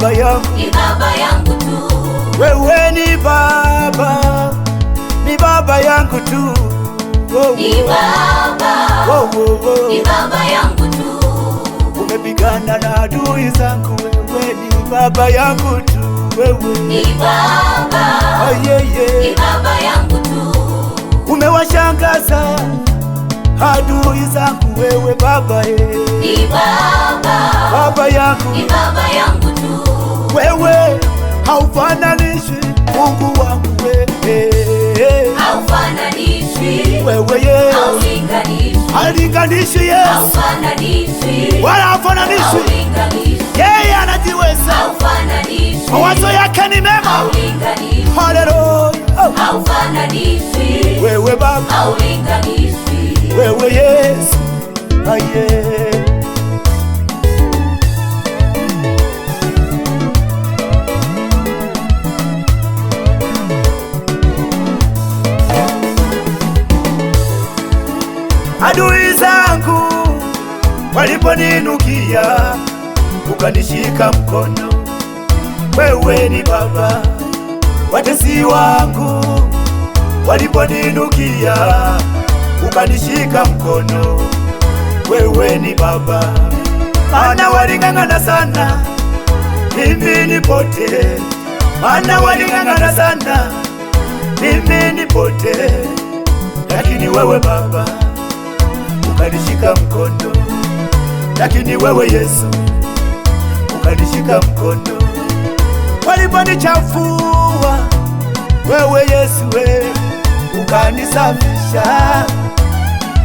baba yangu, ni baba yangu tu. Wewe ni baba, ni baba yangu tu. Oh, oh, ni oh. baba. Ni baba yangu tu. Umepigana na adui zangu, wewe ni baba yangu tu. Wewe ni baba. aye ah, yeah, Ni baba yangu tu. Umewashangaza adui zangu, wewe baba, eh. Ni baba. Baba yangu. Ni baba yangu haufananishwi Mungu wangu wewe, haufananishwi Yesu wala haufananishwi yeye, anajiweza mawazo yake ni mema, haleluya, wewe Baba, wewe Yesu adui zangu waliponinukia, ukanishika mkono. Wewe ni Baba, watesi wangu waliponinukia, ukanishika mkono. Wewe ni Baba, mana waling'ang'ana sana, mimi nipote. Mana waling'ang'ana sana, mimi nipote, lakini wewe Baba ukanishika mkono, lakini wewe Yesu ukanishika mkono waliponichafua, wewe Yesu we ukanisafisha.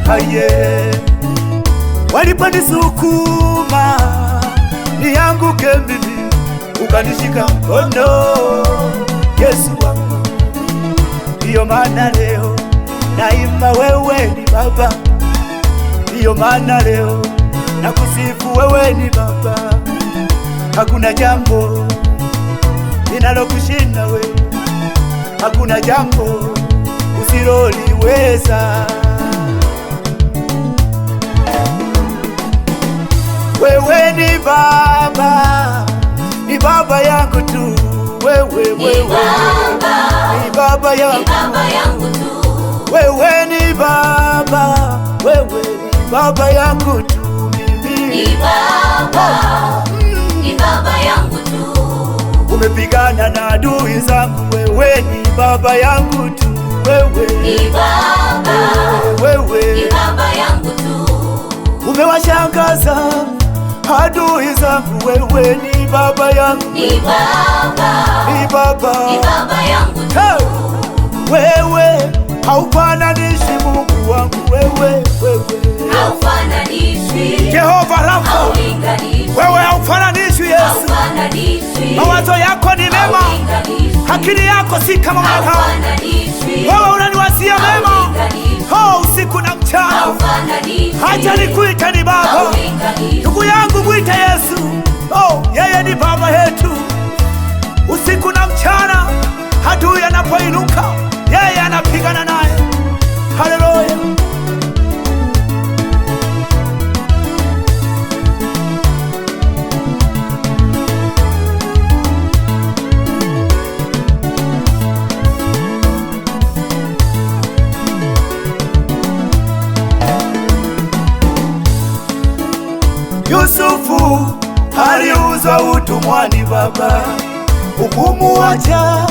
Haye, waliponisukuma nianguke mimi, ukanishika mkono Yesu wangu, ndiyo maana leo naima wewe ni Baba Ndiyo maana leo na kusifu wewe ni Baba, hakuna jambo linalokushinda we, hakuna jambo usiloliweza wewe. Ni Baba, ni Baba yangu tu wewe, wewe. Ni Baba, ni Baba yangu, ni Baba tu wewe, ni Baba wewe baba yangu tu mimi, ni baba, ni baba yangu tu. Umepigana na adui zangu, wewe ni baba yangu tu, wewe ni baba, wewe ni baba yangu tu. Umewashangaza adui zangu, wewe ni baba yangu, ni baba, ni baba, ni baba yangu tu. Hey, wewe haufananishi Mungu wangu wewe, wewe. akili yako si kama Marekani. Wewe unaniwazia mema utumwani baba, ukumuwacha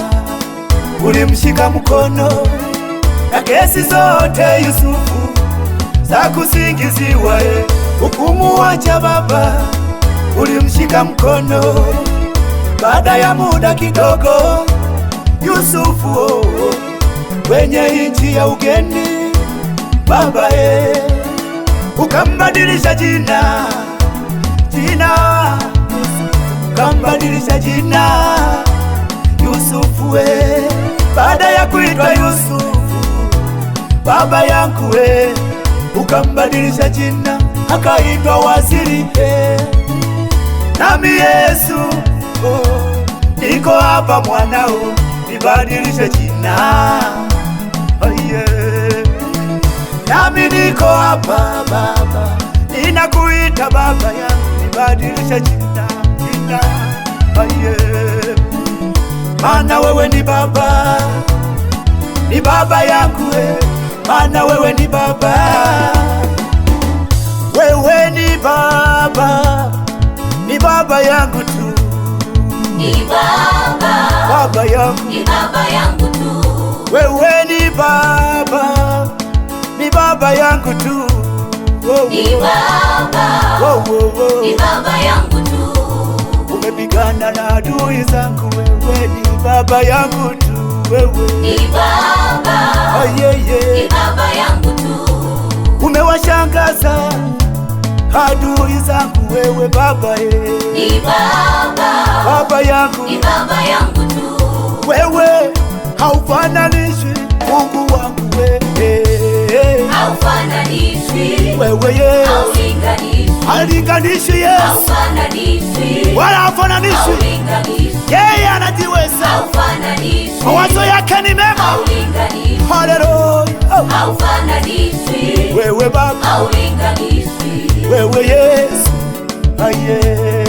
ulimshika mkono, na kesi zote Yusufu za kusingiziwa ye, baba, ulimshika mkono. Baada ya muda kidogo, Yusufu oh, oh, kwenye ya ugeni baba ye, ukambadilisha jina jina akambadilisha jina Yusufu we, baada ya kuitwa Yusufu baba yangu we, ukambadilisha jina akaitwa Waziri he. Nami Yesu oh, niko hapa mwanao, nibadilishe jina oh, yeah. Nami niko hapa baba, ninakuita baba yangu, nibadilishe jina Bwana aye, maana wewe ni Baba, ni Baba yangu, maana wewe ni Baba, wewe ni Baba, ni Baba yangu tu, ni Baba, Baba yangu, ni Baba yangu tu, wewe ni Baba, ni Baba yangu tu, ni Baba, ni Baba yangu tu nimepigana na adui zangu, wewe ni baba yangu tu, wewe ni baba, oh yeah, yeah. Ni baba yangu tu. Umewashangaza adui zangu, wewe baba, eh. Ni baba, baba yangu, ni baba yangu tu. Wewe haufananishwi Mungu wangu, wewe eh, eh, eh. haufananishwi wewe haulinganishi Yesu, wala haufananishwi. Yeye anajiweza, mawazo yake ni mema. Haleluya, wewe Baba, wewe Yesu aye